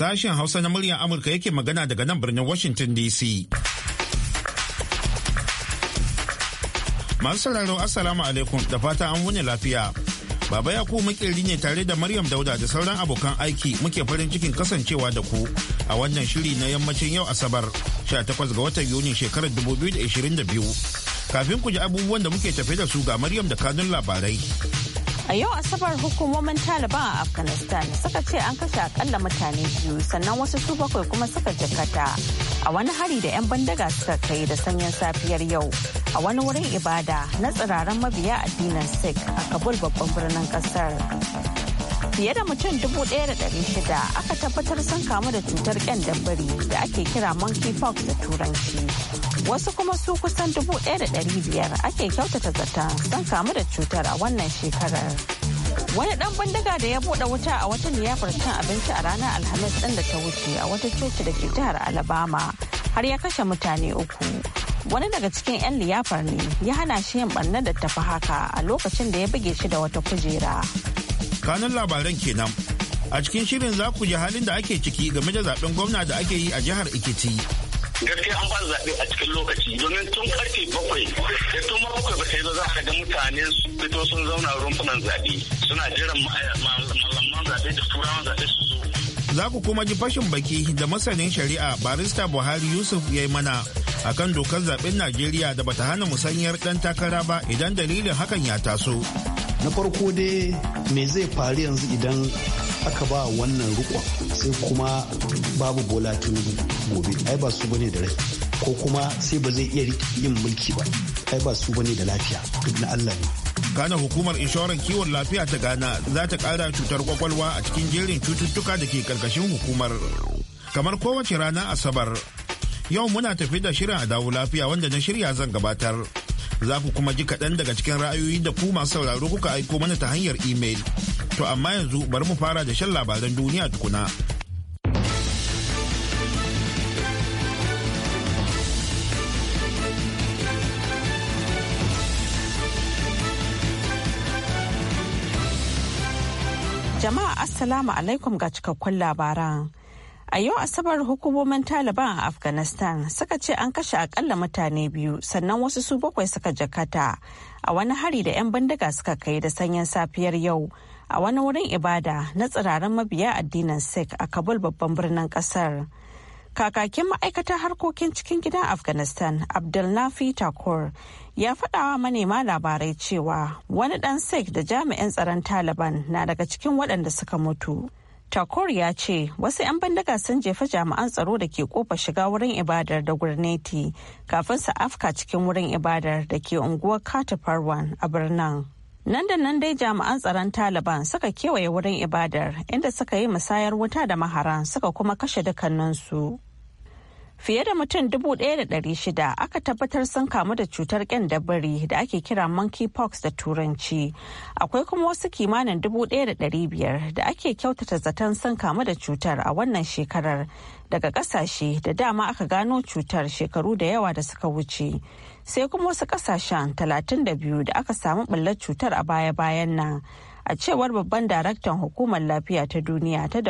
Sashen Hausa na muryar Amurka yake magana daga nan birnin Washington DC. Masu sauraro Assalamu alaikum da fata an wuni lafiya. Baba Yaku makeri ne tare da Maryam Dauda da sauran abokan aiki muke farin cikin kasancewa da ku a wannan shiri na yammacin yau Asabar 18 ga watan Yuni shekarar 2022. Kafin ku ji abubuwan da muke tafe da su ga Maryam da kanun labarai. A yau Asabar hukumomin Taliban a Afghanistan suka ce an kashe akalla mutane biyu sannan wasu su bakwai kuma suka jakata a wani hari da 'yan bandaga suka kai da sanyin safiyar yau a wani wurin ibada na tsiraran mabiya addinin Sikh a Kabul babban birnin kasar. fiye da mutum dubu da shida aka tabbatar sun kamu da cutar dabbari da ake kira monkeypox da turanci wasu kuma su kusan dubu da biyar ake kyautata zaton sun kamu da cutar a wannan shekarar wani dan bindiga da ya bude wuta a wata liyafar cin abinci a ranar alhamis din da ta wuce a wata coci da ke jihar alabama har ya kashe mutane uku wani daga cikin 'yan liyafar ne ya hana shi yin barnar da tafi haka a lokacin da ya buge shi da wata kujera kanin labaran kenan a cikin shirin za ku ji halin da ake ciki game da zaben gwamna da ake yi a jihar ikiti gaskiya an fara zaɓe a cikin lokaci domin tun karfe bakwai da tun bakwai ba sai za a ga mutane su fito sun zauna rumfunan zaɓe suna jiran malaman zaɓe da turawan zaɓe su zo. Za ku kuma ji fashin baki da masanin shari'a barista Buhari Yusuf ya yi mana kan dokar zaɓen Najeriya da bata hana musanyar ɗan takara ba idan dalilin hakan ya taso. na farko dai me zai faru yanzu idan aka ba wannan rukon sai kuma babu bola tinubu gobe ai ba su bane da rai ko kuma sai ba zai iya yin mulki ba ai ba su bane da lafiya duk na allah ne Ghana hukumar inshorar kiwon lafiya ta Ghana za ta kara cutar kwakwalwa a cikin jerin cututtuka da ke karkashin hukumar. Kamar kowace rana Asabar, yau muna tafi da shirin a dawo lafiya wanda na shirya zan gabatar. za ku kuma ji kaɗan daga cikin ra'ayoyi da ku masu sauraro kuka aiko mana ta hanyar imel. To amma yanzu bari mu fara da shan labaran duniya tukuna. Jama'a Assalamu alaikum ga cikakkun labaran. A yau Asabar hukumomin Taliban a Afghanistan suka ce an kashe akalla mutane biyu sannan wasu su bakwai suka jakata a wani hari da 'yan bindiga suka kai da sanyin safiyar yau a wani wurin ibada na tsirarin mabiya addinin Sikh a Kabul babban birnin kasar. Kakakin ma'aikatar harkokin cikin gidan Afghanistan Abdulnafi Takur ya faɗawa manema labarai cewa wani ɗan Sikh da jami'in tsaron Taliban na daga cikin waɗanda suka mutu. Takor ya ce wasu 'yan bindiga sun jefa jami'an tsaro da ke kofa shiga wurin ibadar da gurneti kafin su afka cikin wurin ibadar da ke unguwar Katafarwan a birnin. Nan da nan dai jami'an tsaron Taliban suka kewaye wurin ibadar inda suka yi musayar wuta da maharan suka kuma kashe dukkaninsu. Fiye da mutum 1,600 aka tabbatar sun kamu da cutar bari da ake kira monkeypox da turanci. Akwai kuma wasu kimanin 1,500 da ake kyautata zaton sun kamu da cutar a wannan shekarar daga kasashe da dama aka gano cutar shekaru da yawa da suka wuce. Sai kuma wasu kasashen 32 da aka samu ɓullar cutar a baya-bayan nan. a cewar babban daraktan hukumar lafiya ta duniya ta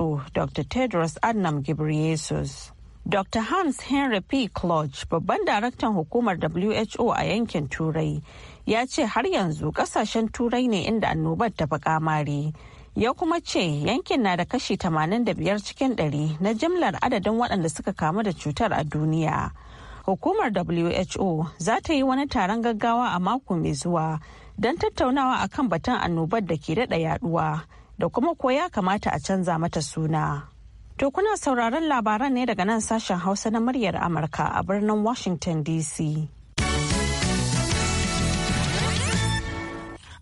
who dr tedros adnam ghebreyesus Dr. Hans Henry P. Kluge, babban daraktan hukumar WHO a yankin Turai, ya ce har yanzu kasashen Turai ne inda annobar ta fi kamare. Ya kuma ce yankin na da kashi 85 cikin 100 na jimlar adadin waɗanda suka kamu da cutar a duniya. Hukumar WHO za ta yi wani taron gaggawa a mako mai zuwa don tattaunawa akan batun annobar da ke daɗa yaduwa da kuma ko ya kamata a canza mata suna. To kuna sauraron labaran ne daga nan sashen Hausa na muryar Amurka a birnin Washington DC.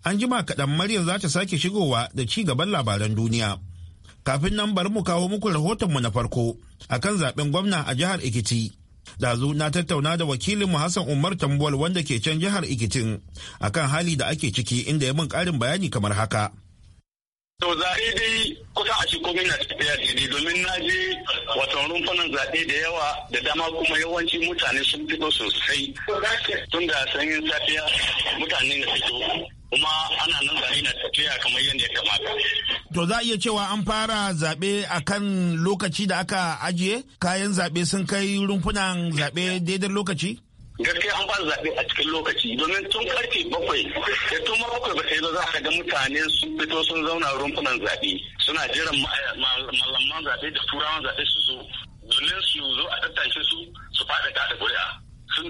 An jima kaɗan Maryam za ta sake shigowa da ci gaban labaran duniya. Kafin nan bari mu kawo muku rahoton mu na farko akan zaben gwamna a jihar Ekiti. Dazu na tattauna da wakilin mu Hassan Umar Tambuwal wanda ke can jihar Ikitin akan hali da ake ciki inda ya min ƙarin bayani kamar haka. To zaɓe dai kusa a shi komai na tafiya daidai domin na je watan rumfunan zaɓe da yawa da dama kuma yawanci mutane sun fito sosai tun da sanyin safiya mutane na fito kuma ana nan zaɓe na tafiya kamar yadda ya kamata. To za a iya cewa an fara zaɓe a kan lokaci da aka ajiye kayan zaɓe sun kai rumfunan zaɓe daidai lokaci? gaskiya an ba zaɓe a cikin lokaci domin tun karfe bakwai da tun ma bakwai ba sai za ka ga mutane sun fito sun zauna rumfunan zaɓe suna jiran malaman zaɓe da turawan zaɓe su zo domin su zo a tattace su su faɗa da ƙuri'a sun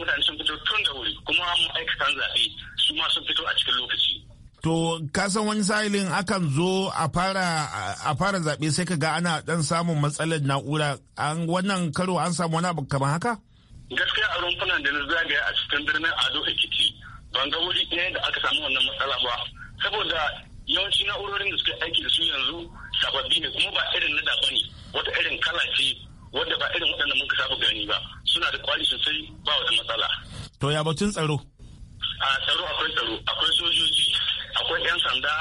mutane sun fito tun da wuri kuma ma'aikatan zaɓe su ma sun fito a cikin lokaci. To kasan wani sahilin akan zo a fara a fara zaɓe sai ka ga ana ɗan samun matsalar na'ura an wannan karo an samu wani abu kamar haka? gaskiya a rumfunan da na zagaya a cikin birnin ado ekiti ban ga wuri ɗaya da aka samu wannan matsala ba saboda yawanci na'urorin da suke aiki da su yanzu sababbi ne kuma ba irin na daba ne wata irin kala ce wadda ba irin waɗanda muka saba gani ba suna da kwali sosai ba wata matsala. to ya batun tsaro. a tsaro akwai tsaro akwai sojoji akwai 'yan sanda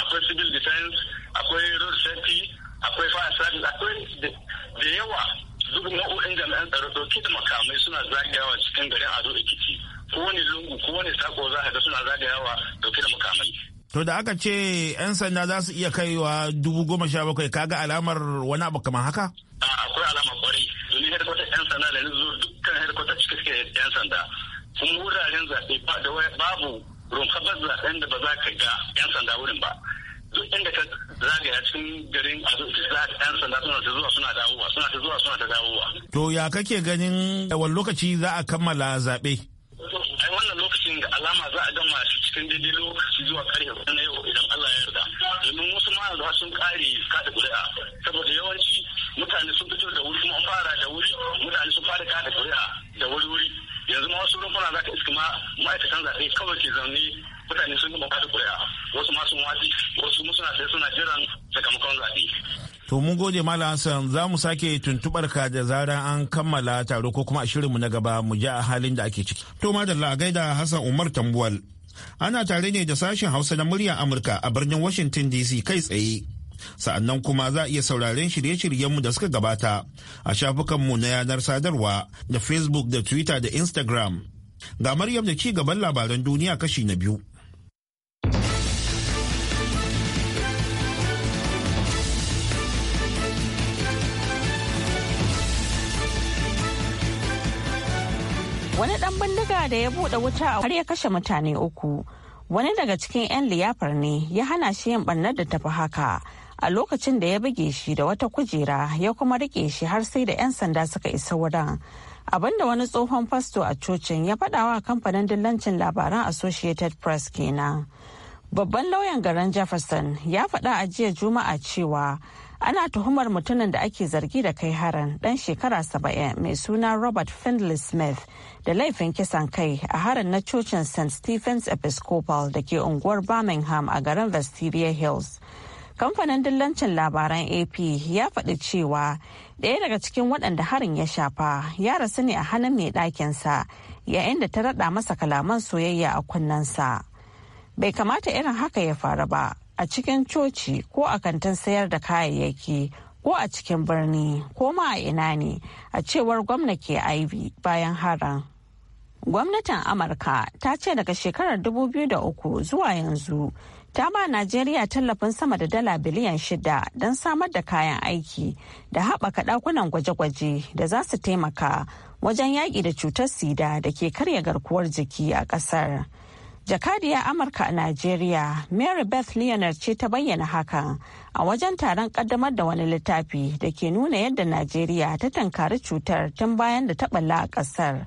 akwai civil defense akwai road safety akwai fire service akwai da yawa na'urin jami'an tsaro ɗauki da makamai suna zagayawa cikin garin ado ikiti wani lungu wani sako za ka ga suna zagayawa ɗauki da makamai To da aka ce 'yan sanda za su iya kaiwa dubu goma sha bakwai kaga alamar wani abu kamar haka? Akwai alama kwarai domin hedkwatar 'yan sanda da yanzu dukkan hedkwatar cikin suke 'yan sanda. Kuma wuraren zaɓe babu rumfabar zaɓen da ba za ka ga 'yan sanda wurin ba. inda ka zagaya cikin garin abin za ta ɗan sanda suna ta zuwa suna dawowa suna ta zuwa suna ta dawowa. To ya kake ganin eh, wani lokaci za a kammala zaɓe? Ai wannan lokacin da alama za a gama shi cikin daidai lokaci zuwa karfe na yau idan Allah ya yarda. Domin wasu ma sun kare kada ƙuri'a saboda yawanci mutane sun fito da wuri kuma an fara da wuri mutane sun fara kada ƙuri'a da wuri wuri. yanzu ma wasu rumfuna za ka iska ma ma'aikatan zaɓe kawai ke zaune mutane sun gama kada kuri'a wasu ma sun waje wasu mu suna sai suna jiran sakamakon zaɓe. To mun gode Malam Hassan za mu sake tuntubar ka da zaran an kammala taro ko kuma a mu na gaba mu ji a halin da ake ciki. To madalla gaida Hassan Umar Tambuwal. Ana tare ne da sashen Hausa na muryar Amurka a birnin Washington DC kai tsaye. sa'annan kuma za a iya sauraren shirye-shiryenmu da suka gabata a shafukanmu na yanar sadarwa da facebook da twitter da instagram ga maryam da ci gaban labaran duniya kashi na biyu wani dan bindiga da ya bude wuta har ya kashe mutane uku wani daga cikin 'yan liyafar ne ya hana shi yin barnar da tafi haka a lokacin da ya buge shi da wata kujera ya kuma rike shi har sai da 'yan sanda suka isa wurin abinda wani tsohon fasto a cocin ya faɗawa kamfanin dillancin labaran associated press kenan babban lauyan garin jefferson ya faɗa a jiya juma'a cewa ana tuhumar mutumin da ake zargi da kai harin dan shekara saba'in mai suna robert findlay smith da laifin kisan kai a harin na cocin st stephens episcopal da ke unguwar birmingham a garin vestibular hills kamfanin dillancin labaran ap ya faɗi cewa ɗaya daga cikin waɗanda harin ya shafa ya rasu ne a hannun mai ɗakinsa yayin da ta raɗa masa kalaman soyayya a kunnensa bai kamata irin haka ya faru ba a cikin coci ko a kantin sayar da kayayyaki ko a cikin birni ko ma a ina ne a cewar gwamna ke aibi bayan haran. Gwamnatin Amurka ta ce daga shekarar 2003 zuwa yanzu ta ba Najeriya tallafin sama da dala biliyan shida don samar da kayan aiki da haɓaka ɗakunan gwaje-gwaje da za su taimaka wajen yaƙi da cutar sida da ke karya garkuwar jiki a ƙasar. jakadiyar amurka a najeriya mary beth leonard ce ta bayyana hakan a wajen taron kaddamar da wani littafi da ke nuna yadda najeriya ta tankari cutar tun bayan da ta a ƙasar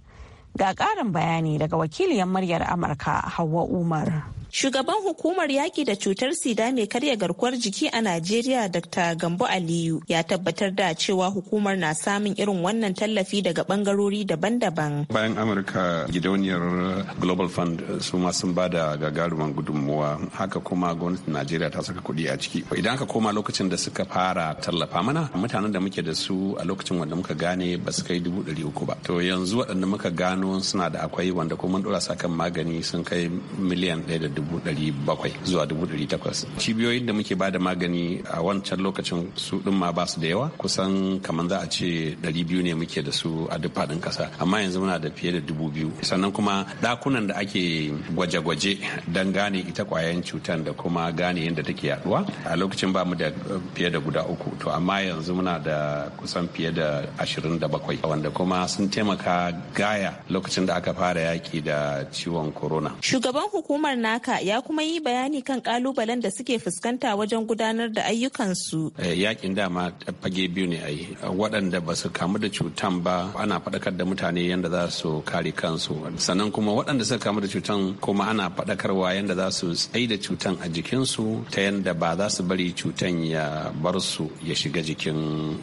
ga ƙarin bayani daga wakiliyar muryar amurka Hauwa umar Shugaban hukumar yaƙi da cutar sida mai karya garkuwar jiki a Najeriya Dr. Gambo Aliyu ya tabbatar da cewa hukumar na samun irin wannan tallafi daga bangarori daban-daban. Bayan Amurka gidauniyar Global Fund eh, su ma sun ba da gagarumin gudunmuwa haka kuma gwamnatin Najeriya ta saka kuɗi a ciki. Idan aka koma lokacin da suka fara tallafa mana mutanen da muke da su a lokacin wanda muka gane ba su kai dubu ɗari uku ba. To yanzu waɗanda muka gano suna da akwai wanda kuma mun ɗora sakan magani sun kai miliyan ɗaya da bakwai zuwa takwas. cibiyoyin da muke bada magani a wancan lokacin su din ma ba su da yawa kusan kamar za a ce biyu ne muke da su a duk faɗin kasa amma yanzu muna da fiye da dubu biyu sannan kuma ɗakunan da ake gwaje-gwaje don gane ita kwayan cutar da kuma gane yadda take yaduwa a lokacin ba mu da fiye da guda uku to amma yanzu muna da kusan fiye da ashirin da bakwai wanda kuma sun taimaka gaya lokacin da aka fara yaki da ciwon corona shugaban hukumar na haka ya kuma yi bayani kan kalubalen da suke fuskanta wajen gudanar da ayyukansu. Eh, yakin dama fage biyu ne ayi. Waɗanda ba su kamu da cutan ba ana faɗakar da mutane yadda za su kare kansu. Sannan kuma waɗanda suka kamu da cutan kuma ana faɗakarwa yadda za su tsai da cutan a jikinsu ta yadda ba za su bari cutan ya bar su ya shiga jikin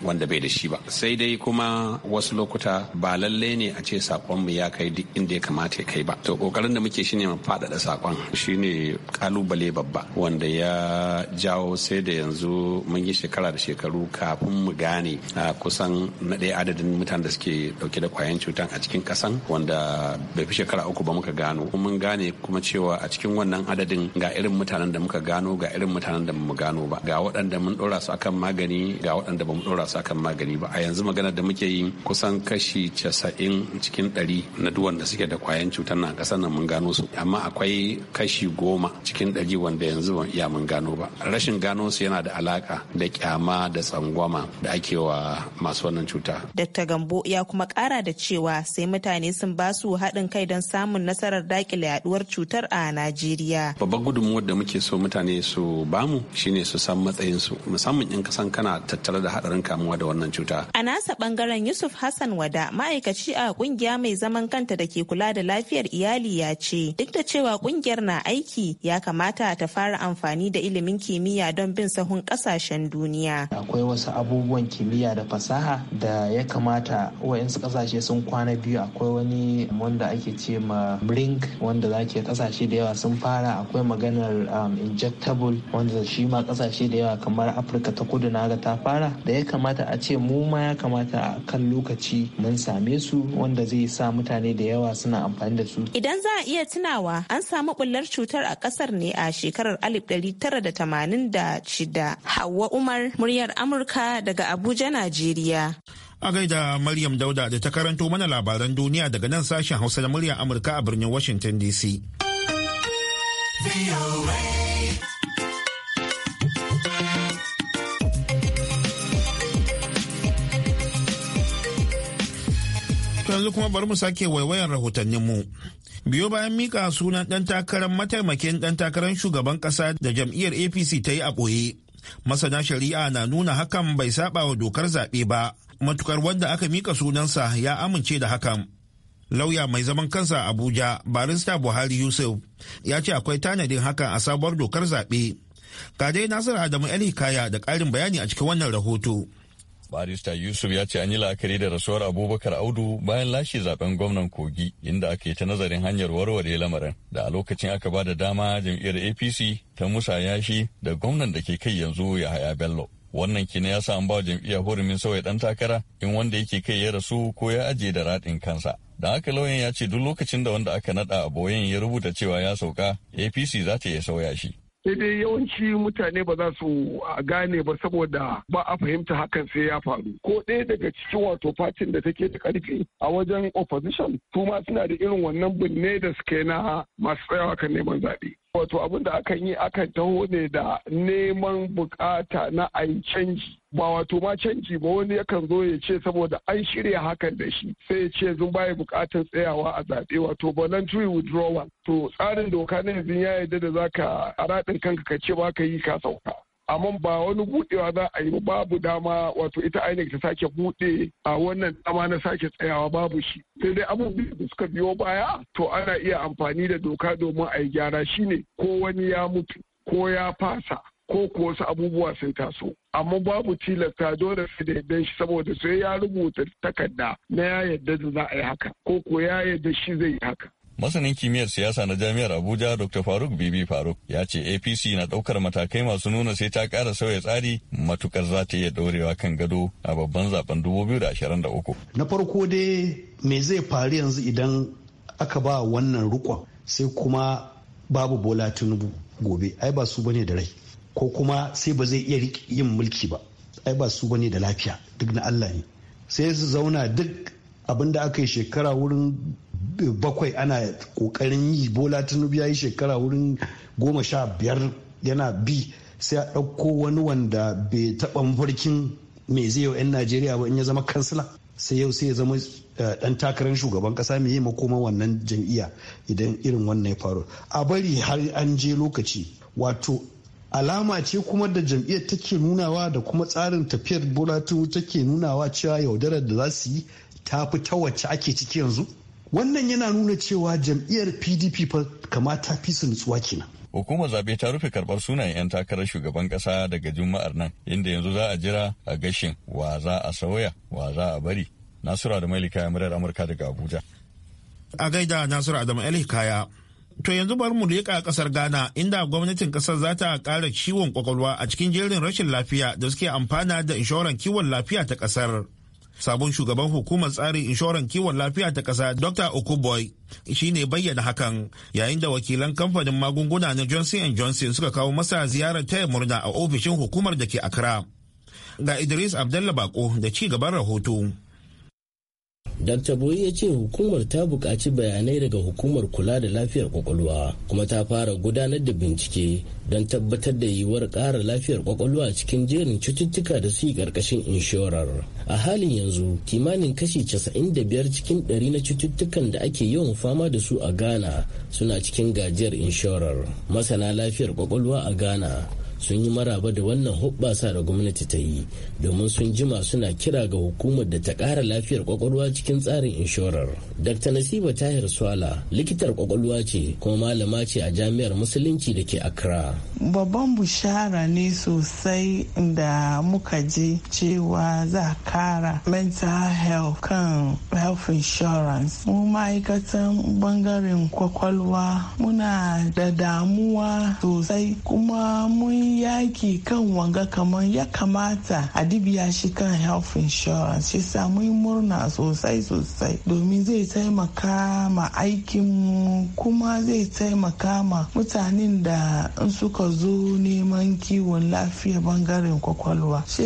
wanda bai da shi ba. Sai dai kuma wasu lokuta ba lallai ne a ce saƙonmu ya kai duk inda ya kamata ya kai ba. To ƙoƙarin da muke shine mu faɗaɗa saƙon. Shi shine kalubale babba wanda ya jawo sai da yanzu mun yi shekara da shekaru kafin mu gane a kusan na ɗaya adadin mutanen da suke dauke da kwayan cutan a cikin kasan wanda bai fi shekara uku ba muka gano mun gane kuma cewa a cikin wannan adadin ga irin mutanen da muka gano ga irin mutanen da mu gano ba ga waɗanda mun ɗora su akan magani ga waɗanda bamu ɗora su akan magani ba a yanzu magana da muke yi kusan kashi casa'in cikin ɗari na duwan da suke da kwayan cutan na kasan nan mun gano su amma akwai kashi kashi goma cikin ɗari wanda yanzu ban iya mun gano ba rashin gano su yana da alaka da kyama da tsangwama da ake wa masu wannan cuta dr gambo ya kuma kara da cewa sai mutane sun ba su haɗin kai don samun nasarar dakile yaduwar cutar a najeriya babbar gudunmuwar da muke so mutane su bamu shine su san matsayin su musamman in kasan kana tattare da haɗarin kamuwa da wannan cuta a nasa bangaren yusuf hassan wada ma'aikaci a kungiya mai zaman kanta da ke kula da lafiyar iyali ya ce duk da cewa kungiyar na aiki ya kamata ta fara amfani da ilimin kimiyya don bin sahun kasashen duniya. Akwai wasu abubuwan kimiyya da fasaha da ya kamata wayansu kasashe sun kwana biyu akwai wani wanda ake ce ma brink wanda zake kasashe da yawa sun fara akwai maganar um, injectable wanda shi ma kasashe da yawa kamar afirka ta kudu na ga ta fara da ya kamata a ce mu ma ya kamata a kan lokaci mun same su wanda zai sa mutane da yawa suna amfani da su. Idan za a iya tunawa an samu bullar cutar cutar a kasar ne a shekarar 1986. Hauwa Umar, muryar Amurka daga Abuja, Najeriya. A gaida Maryam Dauda da ta karanto mana labaran duniya daga nan sashen Hausa da muryar Amurka a birnin Washington DC. yanzu kuma bari mu sake waiwayan rahotanninmu. biyo bayan mika sunan ɗan takarar mataimakin ɗan takarar shugaban kasa da jam'iyyar apc ta yi a ɓoye masana shari'a na nuna hakan bai saba wa dokar zaɓe ba matukar wanda aka mika sunansa ya amince da hakan lauya mai zaman kansa abuja barista buhari yusuf ya ce akwai tanadin hakan a sabuwar dokar zaɓe kadai nasiru adamu eli kaya da ƙarin bayani a cikin wannan rahoto Barista Yusuf ya ce an yi la'akari da rasuwar Abubakar Audu bayan lashe zaben gwamnan Kogi inda aka yi ta nazarin hanyar warware lamarin da a lokacin aka ba da dama jam'iyyar APC ta musa yashi da gwamnan da ke kai yanzu ya haya Bello. Wannan kina ya sa an ba jam'iyyar hurumin sauya dan takara in wanda yake kai ya rasu ko ya ajiye da raɗin kansa. Da haka lauyan ya ce duk lokacin da wanda aka naɗa a boyen ya rubuta cewa ya sauka APC za ta iya sauya shi. sai dai yawanci mutane ba za su gane ba saboda ba a fahimta hakan sai ya faru ko ɗaya daga cikin wato fatin da take da ƙarfi a wajen opposition kuma suna da irin wannan binne da suke na masu tsayawa kan neman zaɓe wato abin da akan yi akan taho ne da neman bukata na a yi canji ba wato ma canji ba wani yakan zo ya ce saboda an shirya hakan da shi sai ya ce zun baya bukatar tsayawa a zaɓe wato voluntary withdrawal to tsarin doka na yanzu ya yarda da zaka a raɗin kanka ka ce ba ka yi ka sauka amma ba wani budewa za a yi babu dama wato ita ainihin ta sake bude a wannan dama na sake tsayawa babu shi sai dai abubuwan da suka biyo baya to ana iya amfani da doka domin a yi gyara shine ko wani ya mutu ko ya fasa ko ko wasu abubuwa sun taso amma babu tilasta dole su da shi saboda sai ya rubuta takarda na ya yadda da za a yi haka ko ko ya yadda shi zai yi haka Masanin kimiyyar siyasa na jami'ar Abuja Dr. Faruk Bibi Faruk ya ce APC na ɗaukar matakai masu nuna sai ta ƙara sauya tsari matukar za ta iya daurewa kan gado a babban zaben 2023. Na farko dai me zai faru yanzu idan aka ba wannan rukon sai kuma babu Bola tunubu gobe ai ba su bane da rai ko kuma sai ba zai iya yin mulki ba ai ba su bane da lafiya duk na Allah ne sai su zauna duk abin da aka yi shekara wurin bakwai ana kokarin yi bola tinubu ya yi shekara wurin goma sha biyar yana bi sai a ɗauko wani wanda bai taɓa mafarkin mai zai yau 'yan najeriya ba in ya zama kansila sai yau sai ya zama eh, ɗan takarar shugaban kasa mai makoma wannan jam'iyya idan irin wannan ya faru a bari har an je lokaci wato alama ce kuma da jam'iyyar take nunawa da kuma tsarin tafiyar bolatu take nunawa cewa yaudarar da za su yi ta fi ta wacce ake ciki yanzu wannan yana nuna cewa jam'iyyar pdp fa kamata fi su nutsuwa kenan hukumar zabe ta rufe karbar sunayen 'yan takarar shugaban kasa daga juma'ar nan inda yanzu za a jira a gashin wa za a sauya wa za a bari nasura da mailika ya murar amurka daga abuja a gaida nasura adamu kaya to yanzu bari mu leƙa kasar ghana inda gwamnatin kasar za ta ƙara ciwon kwakwalwa a cikin jerin rashin lafiya da suke amfana da inshoran kiwon lafiya ta kasar sabon shugaban hukumar tsarin inshoran kiwon lafiya ta ƙasa dr okuboy shi ne bayyana hakan yayin da wakilan kamfanin magunguna na johnson johnson suka kawo masa ziyarar taya murna a ofishin hukumar da ke accra ga idris abdallah bako da ci gaban rahoto dr boyi ya ce hukumar ta buƙaci bayanai daga hukumar kula da lafiyar kwakwalwa kuma ta fara gudanar da bincike don tabbatar da yiwuwar ƙara lafiyar kwakwalwa cikin jerin cututtuka da suyi ƙarƙashin inshorar a halin yanzu kimanin kashi casa'in da biyar cikin 100 na cututtukan da ake yawan fama da su a ghana suna cikin gajiyar inshorar masana lafiyar kwakwalwa a ghana sun yi maraba da wannan hubbasa da gwamnati ta yi domin sun jima suna kira ga hukumar da ta kara lafiyar kwakwalwa cikin tsarin inshorar. Dr. Nasiba Tahir Swala likitar kwakwalwa ce kuma malama ce a jami'ar musulunci da ke Accra. Babban bushara ne sosai da muka je cewa za kara mental health kan health insurance. Mu ma'aikatan bangaren kwakwalwa muna da damuwa sosai kuma mun yaki kan wanga kamar ya kamata a dibiya shi kan health insurance shi samu murna sosai sosai domin zai taimaka ma mu kuma zai taimaka ma mutanen da in suka zo neman kiwon lafiya bangaren kwakwalwa shi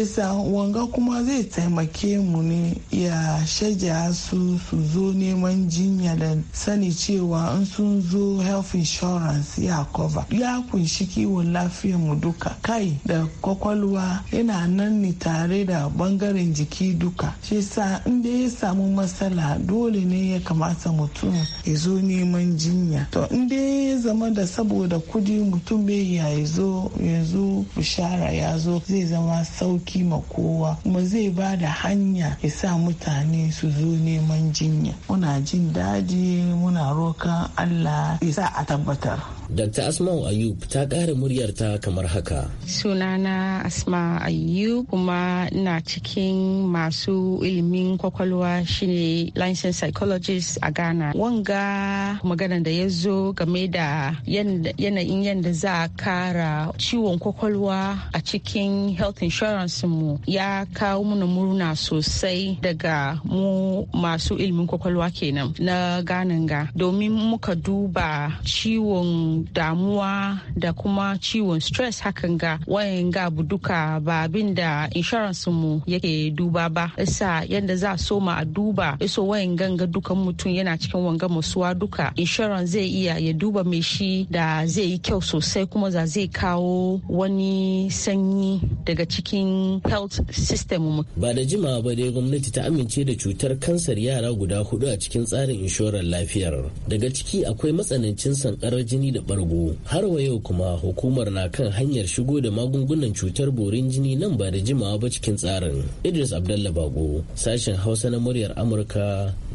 wanga kuma zai taimake mu ne ya shaja su su zo neman jinya da sani cewa in sun zo health insurance ya cover ya kunshi kiwon lafiyar mu duk kai da kwakwalwa yana nan ne tare da bangaren jiki duka shi sa inda ya samu matsala dole ne ya kamata mutum ya zo neman jinya to inda ya zama da saboda kudi mutum bai ya zo yanzu bishara ya zo zai zama sauki ma kowa kuma zai ba da hanya ya sa mutane su zo neman jinya muna jin daji muna rokan allah ya sa a tabbatar Dr. Asma'u Ayub ta ƙara muryarta kamar haka. Sunana Asma Ayub kuma ina cikin masu ilimin kwakwalwa shine licensed psychologist a Ghana. Wanga magana da ya zo game da yanayin yadda za a kara ciwon kwakwalwa a cikin health insurance mu ya kawo mana murna sosai daga mu masu ilimin kwakwalwa kenan na ganin ga domin muka duba ciwon damuwa da kuma ciwon stress hakan ga wayan ga duka ba abin da insurance mu yake duba ba isa yadda za so ma a duba iso wayan ganga dukan mutum yana cikin wanga masuwa duka insurance zai iya ya duba mai shi da zai yi kyau sosai kuma za zai kawo wani sanyi daga cikin health system mu ba da jima ba dai gwamnati ta amince da cutar kansar yara guda hudu a cikin tsarin inshorar lafiyar daga ciki akwai matsanancin sankarar jini da bargo har wa yau kuma hukumar na kan hanyar shigo da magungunan cutar borin jini nan ba da jimawa ba cikin tsarin idris abdallah bago sashen hausa na muryar amurka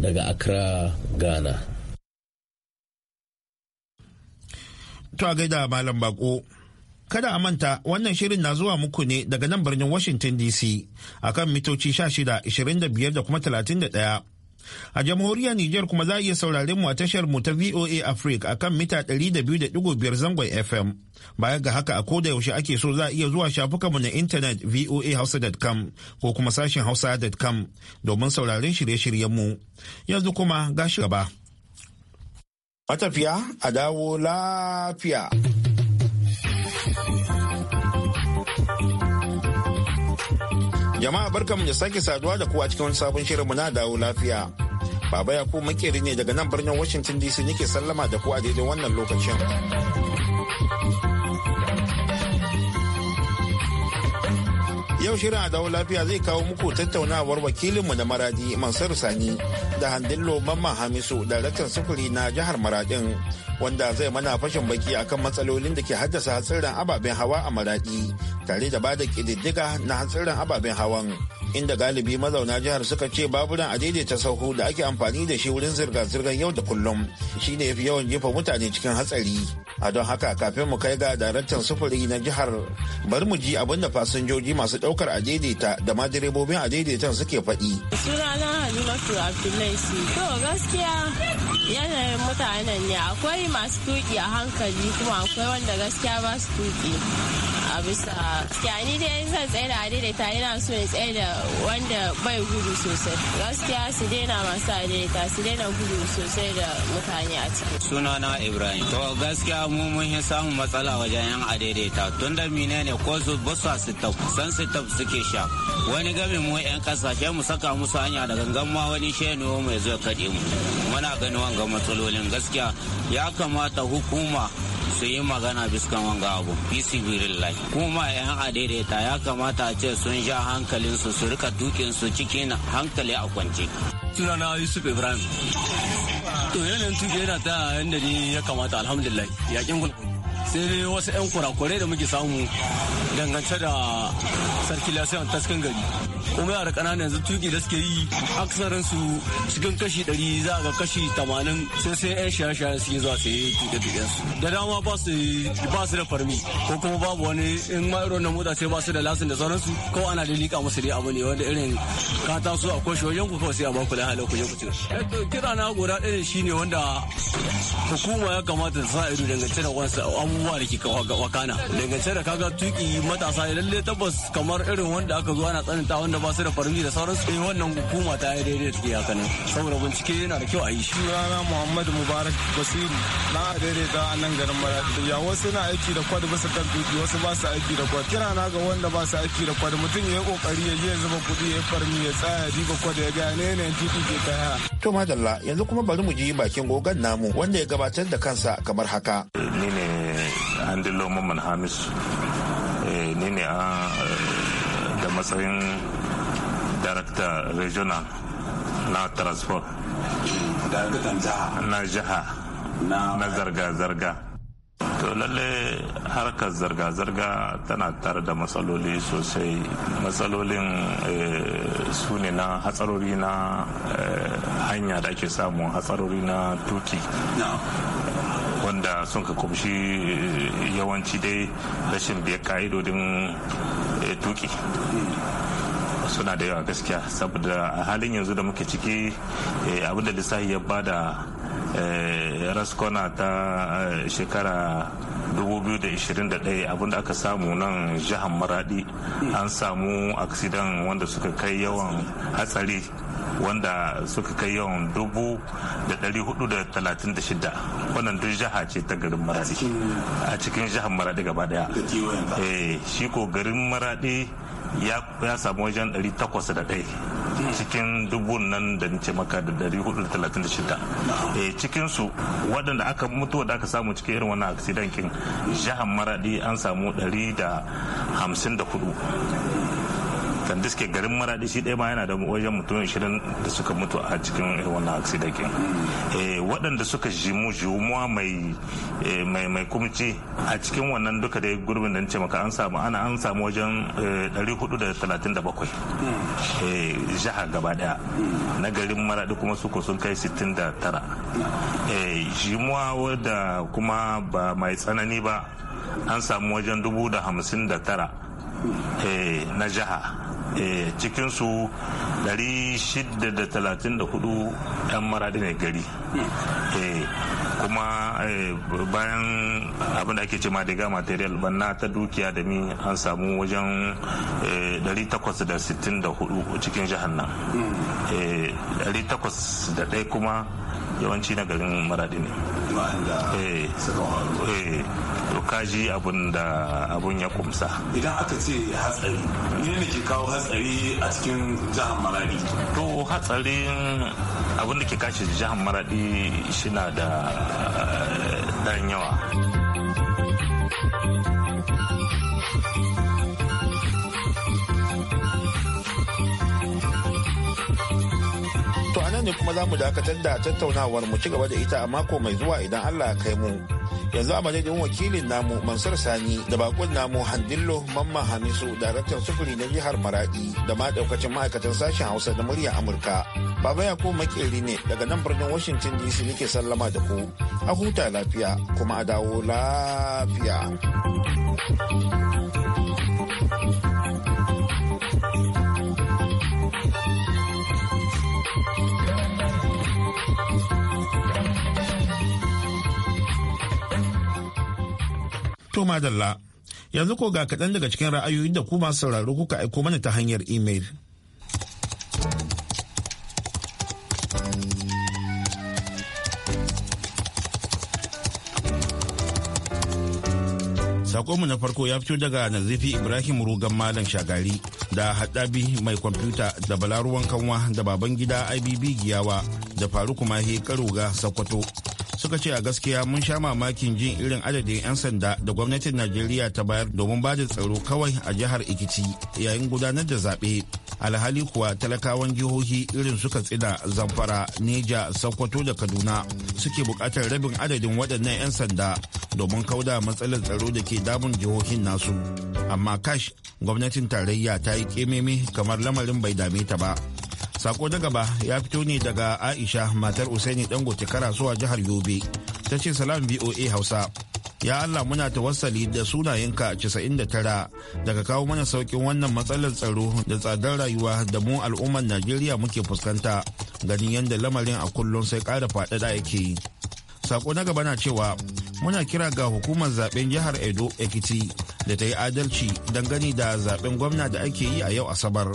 daga accra ghana to a gaida malam bako kada a manta wannan shirin na zuwa muku ne daga nan birnin washington dc akan mitoci 16 25 da kuma 31 A jamhuriyar Nijar kuma za a iya sauraren mu a tashar mu ta VOA Africa a kan mita 200.5 zangon FM. Baya ga haka a koda yaushe ake so za a iya zuwa mu na intanet voahausa.com ko kuma sashen hausa.com domin sauraren shirye-shiryen mu. Yanzu kuma ga gaba. Matafiya a dawo lafiya. Jama'a mu da sake saduwa da ku a cikin wani sabon shirin mu na dawo lafiya. Baba yakubu ku makeri ne daga nan birnin Washington DC nake sallama da ku a daidai wannan lokacin. Yau shirin a dawo lafiya zai kawo muku tattaunawar wakilinmu na Maradi Mansur Sani da Handillo Mamma Hamisu daraktan sufuri na jihar Maradin wanda zai mana fashin baki akan matsalolin da ke haddasa hatsarin ababen hawa a Maradi tare da bada kididdiga na hatsarin ababen hawan. inda galibi mazauna jihar suka ce baburan a daidaita sauhu da ake amfani da shi wurin zirga-zirgar yau da kullum shine yafi yawan jefa mutane cikin hatsari a don haka kafin mu kai ga daraktan sufuri na jihar bari mu ji abin da fasinjoji masu daukar a daidaita da ma direbobin a daidaitan suke faɗi. sunana halimatu abdullahi to gaskiya yanayin mutanen ne akwai masu tuki a hankali kuma akwai wanda gaskiya ba su tuki bisa gaskiya ni dai zan tsaye da adaidaita yana so ya tsaye da wanda bai gudu sosai gaskiya su daina masu adaidaita su daina gudu sosai da mutane a ciki sunana ibrahim to gaskiya mu mun yi samun matsala wajen yan adaidaita tun da mine ne ko su basa su tab san su tab suke sha wani gami mu yan kasashe mu saka musu hanya da gangan ma wani shenu mai zo kaɗe mu muna ganin wanga matsalolin gaskiya ya kamata hukuma su yi magana biskan wanga abu bisi lai kuma yan adaidaita ya kamata a ce sun sha hankalin su su rika dukin su cikin hankali a kwance sunana yusuf ibrahim to yanayin tuke yana ta yanda ni ya kamata alhamdulillah yakin sai dai wasu 'yan kurakurai da muke samu dangance da sarki lasiyan taskin gari kuma yara ƙanana yanzu tuki da suke yi aksarin su cikin kashi ɗari za ga kashi tamanin sai sai yan shaye-shaye suke zuwa sai tuke tuken su da dama ba su ba su da farmi ko kuma babu wani in ma irin mota sai ba su da lasin da sauransu ko ana da liƙa musu dai abu ne wanda irin ka ta su a koshi wajen ku kawai sai a ba ku lahala ku je ku ci kira na gora ɗaya shine wanda hukuma ya kamata ta sa ido dangance da wasu abubuwa da ke wakana dangance da kaga tuki matasa lalle tabbas kamar irin wanda aka zo ana tsananta wanda ba su da farmi da sauransu eh wannan hukuma ta yi da ya nan saboda bincike yana da kyau a yi shi rana muhammadu mubarak basiru na daidaita a nan garin maradi ya wasu na aiki da kwad basu kan tuki wasu ba su aiki da kwad kira na ga wanda ba su aiki da kwad mutum ya yi kokari ya je ya zuba kuɗi ya yi farmi ya tsaya diba kwad ya ga ne ne tuki ke kaya to madalla yanzu kuma bari mu ji bakin gogan namu wanda ya gabatar da kansa kamar haka ni ne an dillo mamman hamis eh, ni ne a ah, da matsayin director regional na transport na jiha na zarga-zarga to lalle harkar zarga-zarga tana tare da matsaloli sosai matsalolin eh, su ne na hatsarori na eh, hanya da ake samun hatsarori na tuki wanda sun ka kumshi eh, yawanci dai rashin biya ka'idodin tuki hmm. suna da yawa gaskiya saboda a halin yanzu da muke ciki eh, abinda lissahi ya bada eh, raskona ta eh, shekara 2021 abinda aka samu nan jihar maradi an samu aksidan wanda suka kai yawan hatsari wanda suka kai yawan dubu da dari hudu da talatin da shida wannan duk jiha ce ta garin maradi a cikin jihar maradi gaba daya shi ko garin maradi ya samu wajen 801 cikin dubun nan da nace maka da 436 cikin su waɗanda aka mutu da aka samu cikin irin wannan aksidankin jihar maradi an samu 154 kan diske garin maradi shi ɗaya ma yana da wajen mutum 20 da suka mutu a cikin wannan da ke eh, waɗanda suka jimu jimuwa mai eh, mai mai kumci a cikin wannan duka da gurbin da ce maka an samu ana an samu wajen 437 eh, hmm. jihar gaba daya hmm. na garin maradi kuma suko sun kai 69 jimuwa wadda kuma ba mai tsanani ba an samu wajen dubu da hamsin da tara hmm. na jiha Eh, cikinsu 634 'yan maradi ne gari eh, kuma eh, bayan abin da ake ce madiga material banna ta dukiya da mi an samu wajen 864 cikin jihar nan 801 kuma yawanci na garin maradi ne eh. eh. to kaji abun da abun ya kumsa idan aka ce hatsari ne ne ke kawo hatsari a cikin jihar maradi to hatsarin abun da ke kashe jihar maradi shi na da dan eh, yawa kuma za mu dakatar da tattaunawar mu ci gaba da ita a mako mai zuwa idan Allah ya kai mu. Yanzu a madadin wakilin namu Mansur Sani da bakon namu Handillo Mamma Hamisu daraktan sufuri na jihar Maradi da ma daukacin ma'aikatan sashen Hausa da murya Amurka. Baba ya kuma Makeri ne daga nan birnin Washington DC nake sallama da ku. A huta lafiya kuma a dawo lafiya. To madalla, yanzu ko ga kaɗan daga cikin ra'ayoyi da ku masu sauraro kuka aiko mana ta hanyar imel. sakonmu na farko ya fito daga nazifi ibrahim rugan malam shagari da haɗabi mai kwamfuta da balaruwan kanwa da baban gida ibb giyawa da faruku mahi karuga sokoto. suka ce a gaskiya mun sha mamakin jin irin adadin 'yan sanda da gwamnatin najeriya ta bayar domin ba da tsaro kawai a jihar ikiti yayin gudanar da zaɓe alhali kuwa talakawan jihohi irin su katsina zamfara neja sokoto da kaduna suke bukatar rabin adadin waɗannan 'yan sanda domin kauda matsalar tsaro da ke damun jihohin nasu amma kash gwamnatin tarayya ta yi kememe kamar lamarin bai dame ta ba sako na gaba ya fito ne daga aisha matar usaini dangote kara zuwa jihar yobe ta ce salam voa hausa ya allah muna ta wasali da sunayenka da 99 daga kawo mana saukin wannan matsalar tsaro da tsadar rayuwa da mu al'ummar najeriya muke fuskanta ganin yadda lamarin a kullum sai kara faɗaɗa yake yi sako na gaba na cewa muna kira ga hukumar zaben jihar edo ekiti da ta yi adalci dangane da zaben gwamna da ake yi a yau asabar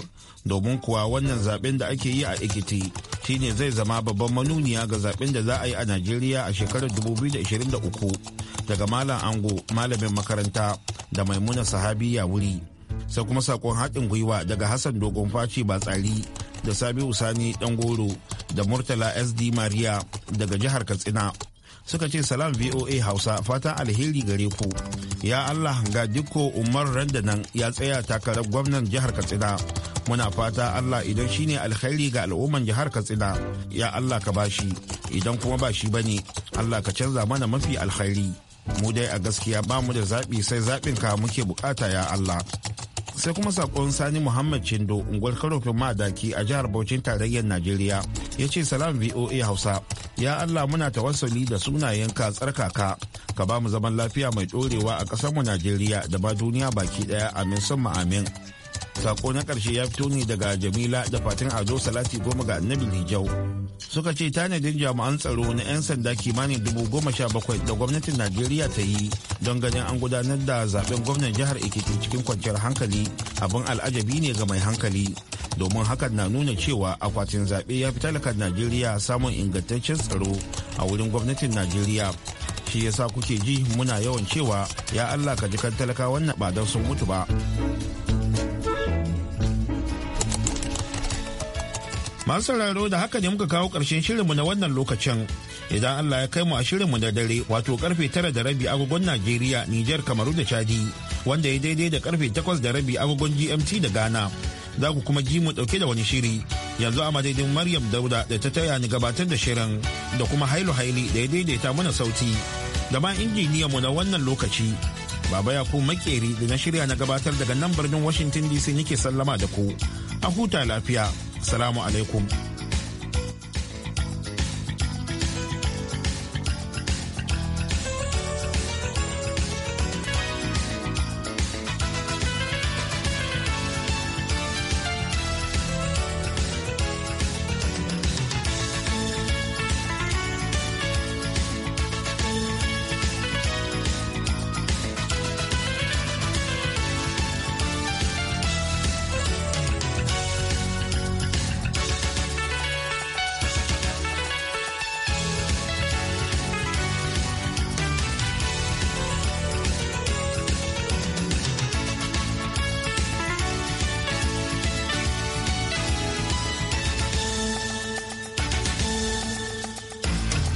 domin kuwa wannan zaben da ake yi a ekiti shine zai zama babban manuniya ga zaben da za a yi a najeriya a shekarar 2023 daga malam ango malamin makaranta da maimuna sahabi ya wuri sai kuma sakon haɗin gwiwa daga hassan dogon faci ba tsari da sabi usani dan goro da murtala sd maria daga jihar katsina suka ce salam voa hausa fatan alheri gare ku ya allah ga dukko umar randanan ya tsaya takarar gwamnan jihar katsina muna fata allah idan shine alheri ga al'umman jihar katsina ya allah ka bashi idan kuma ba shi bane allah ka canza mana mafi alheri mu dai a gaskiya ba mu da zaɓi sai zaɓinka muke bukata ya allah sai kuma sakon sani muhammad chindo unguwar karofin madaki a jihar bauchin tarayyar najeriya ya ce salam voa hausa ya allah muna tawassuli da ka tsarkaka ka ba mu zaman lafiya mai dorewa a ƙasarmu najeriya da ba duniya baki daya amin sun amin sako na karshe ya fito ne daga jamila da fatin ado salati goma ga annabin hijau suka ce tanadin jami'an tsaro na 'yan sanda kimanin dubu goma sha bakwai da gwamnatin najeriya ta yi don ganin an gudanar da zaben gwamnan jihar ekiti cikin kwanciyar hankali abin al'ajabi ne ga mai hankali domin hakan na nuna cewa akwatin zaɓe ya fi talakar najeriya samun ingantaccen tsaro a wurin gwamnatin najeriya shi yasa kuke ji muna yawan cewa ya allah ka ji kan talakawan na ba don sun mutu ba Masu sauraro da haka ne muka kawo ƙarshen shirinmu na wannan lokacin. Idan Allah ya kai mu a shirinmu na dare wato karfe tara da rabi agogon Najeriya, Nijar, Kamaru da Chadi wanda ya daidai da karfe takwas da rabi agogon GMT da Ghana. Za ku kuma ji mu ɗauke da wani shiri. Yanzu a madadin Maryam Dauda da ta taya ni gabatar da shirin da kuma Hailu Haili da ya daidaita mana sauti. Da ma mu na wannan lokaci. Baba ya ku makeri da na shirya na gabatar daga nan birnin Washington DC nake sallama da ku. A huta lafiya. Salamu alaikum.